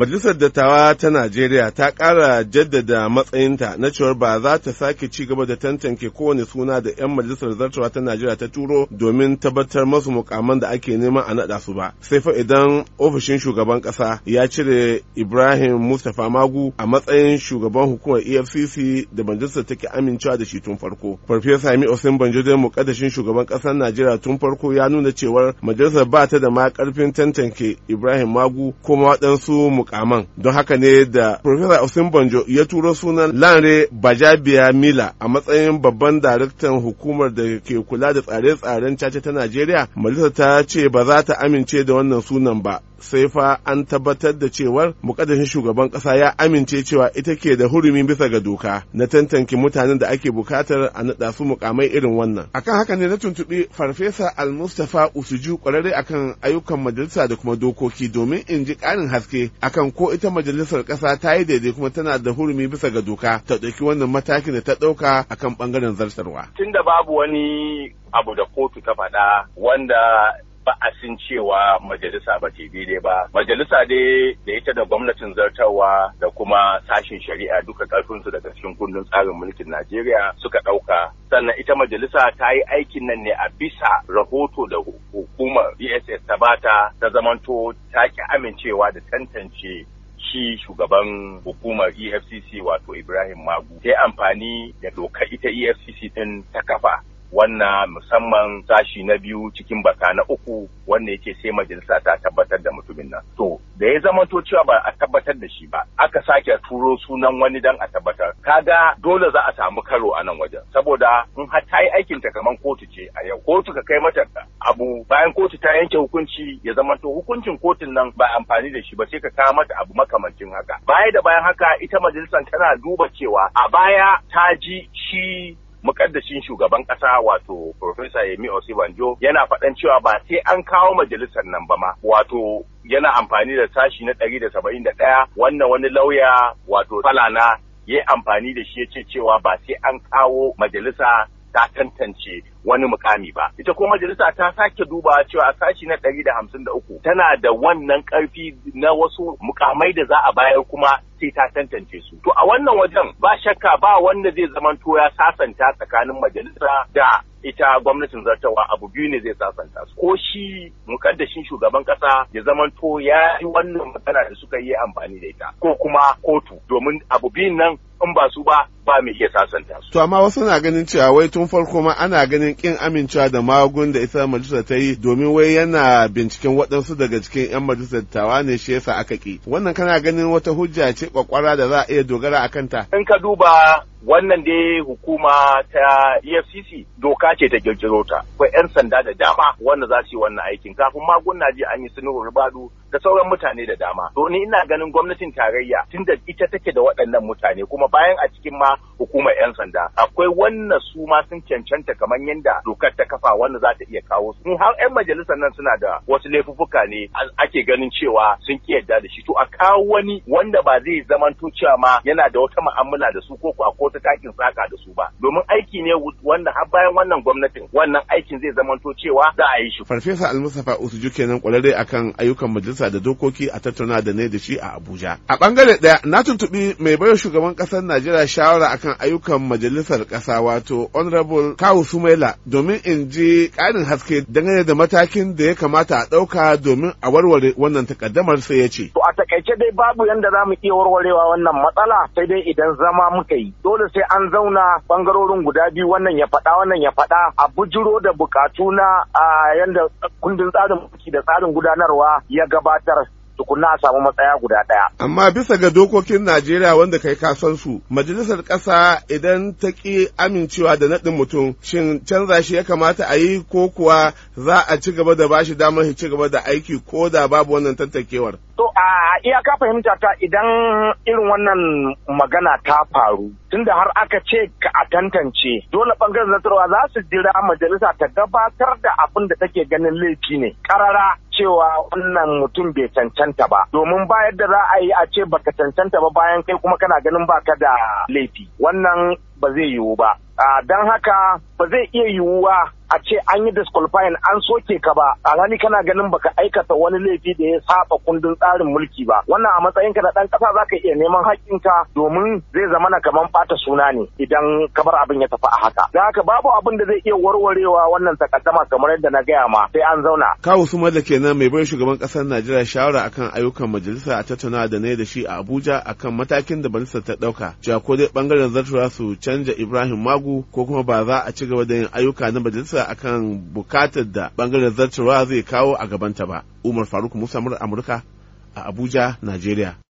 Majalisar Dattawa ta Najeriya ta ƙara jaddada matsayinta na cewar ba za ta sake ci gaba da tantance kowane suna da 'yan majalisar zartawa ta Najeriya ta turo domin tabbatar masu mukaman da ake nema a naɗa su ba. Sai fa idan ofishin shugaban ƙasa ya cire Ibrahim Mustapha Magu a matsayin shugaban hukumar EFCC da majalisar take amincewa da shi tun farko. Farfesa Ami Osin Banjo dai muƙaddashin shugaban ƙasar Najeriya tun farko ya nuna cewar majalisar ba ta da ma ƙarfin tantance Ibrahim Magu kuma waɗansu mukaman don haka ne da Profesa Osin Banjo ya turo sunan Lanre Bajabiya Mila a matsayin babban daraktan hukumar da ke kula da tsare-tsaren caca ta Najeriya majalisar ta ce ba za ta amince da wannan sunan ba sai fa an tabbatar da cewar mukaddashin shugaban kasa ya amince cewa ita ke da hurumi bisa ga doka na tantanke mutanen da ake bukatar a naɗa su mukamai irin wannan akan haka ne na tuntuɓi farfesa al usuju kwararre akan ayyukan majalisa da kuma dokoki domin in ji ƙarin haske akan ko ita majalisar ƙasa ta yi daidai kuma tana da hurumi bisa ga doka ta ɗauki wannan matakin da ta ɗauka akan ɓangaren zartarwa tunda babu wani abu da kotu ta faɗa wanda ba'asin cewa majalisa ba ta daidai ba majalisa dai da ita da gwamnatin zartarwa da kuma sashin shari'a duka ƙarfinsu daga cikin kundin tsarin mulkin najeriya suka ɗauka sannan ita majalisa ta yi aikin nan ne a bisa rahoto da hukumar dss ta bata ta zamanto ta ki amincewa da tantance shi shugaban hukumar EFCC wato Ibrahim Magu sai amfani da dokar ita EFCC ɗin ta kafa wannan musamman sashi na biyu cikin baka na uku wanda yake sai majalisa ta tabbatar da mutumin nan to da ya zama to cewa ba a tabbatar da shi ba aka sake turo sunan wani dan a tabbatar kaga dole za a samu karo a nan wajen saboda in har ta yi aikin ta kaman kotu ce a yau kotu ka kai mata abu bayan kotu ta yanke hukunci ya zama to hukuncin kotun nan ba amfani da shi ba sai ka kawo mata abu makamancin haka baya da bayan haka ita majalisar tana duba cewa a baya ta ji shi mukaddashin shugaban kasa wato Profesa Yemi Osibanjo yana faɗan cewa ba sai an kawo majalisar nan ba ma wato yana amfani da sashi na ɗari da saba'in da ɗaya wannan wani lauya wato falana ya amfani da shi ya ce cewa ba sai an kawo majalisa ta tantance wani mukami ba ita kuma majalisa ta sake dubawa cewa a sashi na ɗari da hamsin da uku tana da wannan ƙarfi na wasu mukamai da za a bayar kuma sai ta tantance su to a wannan wajen ba shakka ba wanda zai zamanto ya sasanta tsakanin majalisa da ita gwamnatin zartawa abu biyu ne zai sasanta su ko shi mukaddashin shugaban ƙasa ya zamanto ya yi wannan magana da suka yi amfani da ita ko kuma kotu domin abu biyun nan in ba su ba ba mai iya sasanta su. To amma wasu na ganin cewa wai tun farko ma ana ganin kin amincewa da magun da isa majalisar ta yi domin wai yana binciken waɗansu daga cikin 'yan majalisar tawa ne shi yasa aka ƙi. Wannan kana ganin wata hujja ce kwakwara da za a iya dogara a kanta. In ka duba wannan dai hukuma ta efcc doka ce ta girgiro ta akwai 'yan sanda da dama wanda za su yi wannan aikin kafin na je an yi sinu badu da sauran mutane da dama to ni ina ganin gwamnatin tarayya Tun tunda ita take da waɗannan mutane kuma bayan a cikin ma hukumar 'yan sanda akwai wannan su ma sun cancanta kamar yadda dokar ta kafa wanda za ta iya kawo su har 'yan majalisar nan suna da wasu laifuffuka ne ake ganin cewa sun ki yadda da shi to a kawo wani wanda ba zai zamanto cewa ma yana da wata mu'amala da su ko ko ko ta takin saka da su ba domin aiki ne wanda har bayan wannan gwamnatin wannan aikin zai zamanto cewa za a yi shi farfesa almusafa usuju kenan kwararre akan ayyukan majalisa da dokoki a tattauna da ne da shi a abuja a bangare daya na tuntubi mai bayar shugaban kasar najeriya shawara akan ayyukan majalisar ƙasa wato honorable kawu sumaila domin in ji ƙarin haske dangane da matakin da ya kamata a ɗauka domin a warware wannan takaddamar sai ya ce. To a takaice dai babu yanda za mu iya warwarewa wannan matsala sai dai idan zama muka yi dole sai an zauna bangarorin guda biyu wannan ya faɗa wannan ya faɗa a bujiro da bukatu na yanda kundin tsarin mulki da tsarin gudanarwa ya gabatar tukunna a samu matsaya guda ɗaya. Amma bisa ga dokokin Najeriya wanda kai kasan su, majalisar ƙasa idan ta ƙi amincewa da naɗin mutum, shin canza shi ya kamata a yi ko kuwa za a ci gaba da bashi damar ci gaba da aiki ko da babu wannan tattakewar. To a iyaka fahimta ta idan irin wannan magana ta faru tunda har aka ce ka a tantance dole bangaren zartarwa za su jira majalisa ta gabatar da abin da take ganin laifi ne karara cewa wannan mutum bai cancanta ba domin ba yadda za a yi a ce baka cancanta ba bayan kai kuma kana ganin baka da laifi wannan ba zai yiwu ba don haka ba zai iya yiwuwa a ce an yi disqualifying an soke ka ba A rani kana ganin baka aikata wani laifi da ya saba kundin tsarin mulki ba wannan a matsayin ka na dan kasa zaka iya neman haƙƙinka domin zai zama na kaman bata suna ne idan kamar abin ya tafi a haka dan haka babu abin da zai iya warwarewa wannan takaddama kamar yadda na gaya ma sai an zauna kawo su da kenan mai bai shugaban ƙasar Najeriya shawara akan ayyukan majalisa a tattauna da ne da shi a Abuja akan matakin da majalisar ta ɗauka cewa ko dai bangaren zartura su canja Ibrahim Magu ko kuma ba za a ci gaba da yin ayyuka na majalisa matsala akan bukatar da bangaren zartarwa zai kawo a gabanta ba umar faruk musa amurka a abuja najeriya